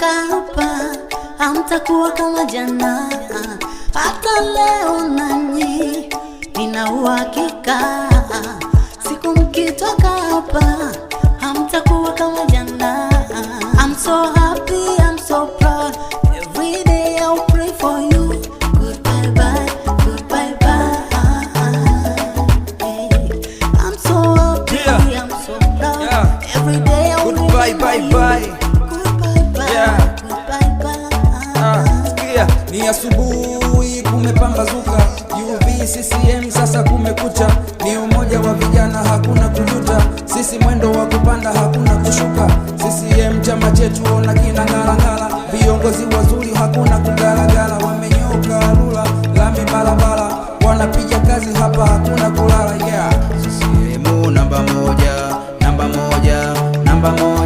Mkitoka hapa hamtakuwa kama jana, hata leo nanyi nina uhakika Ah, ni asubuhi kumepambazuka, UV CCM sasa kumekucha, ni umoja wa vijana hakuna kujuta, sisi mwendo wa kupanda hakuna kushuka, CCM chama chetu ona kina ngalangala, viongozi wazuri hakuna kugalagala, wamenyoka lula lami barabara, wanapiga kazi hapa hakuna kulala yeah. CCM namba moja, namba moja, namba moja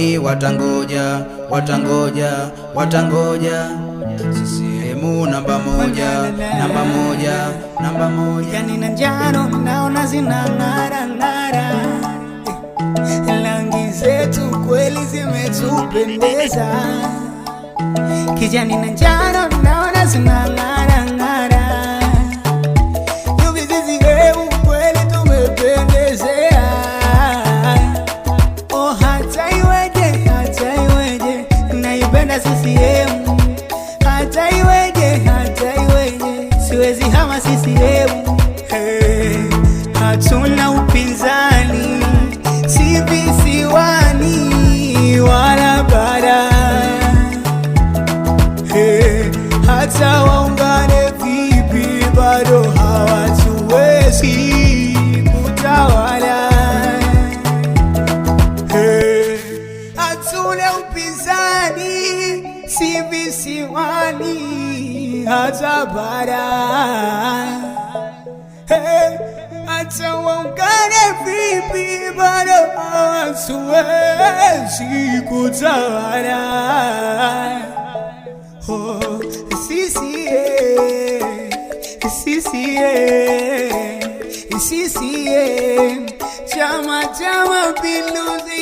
ni watangoja, watangoja, watangoja. CCM namba moja, namba moja, namba moja. Kijani na njano naona zinang'ara ng'ara, rangi zetu kweli zimetupendeza. Kijani na njano naona zinang'ara hatuchezi hawa CCM hey, hatuna upinzani si visiwani wala bara hata waungane vipi bado hawatuwezi kutawala hey, hatuna upinzani si visiwani hata baada hey, hata waungane vipi bado hawasiwezi kutawala oh, sisi sisi sisi Chama cha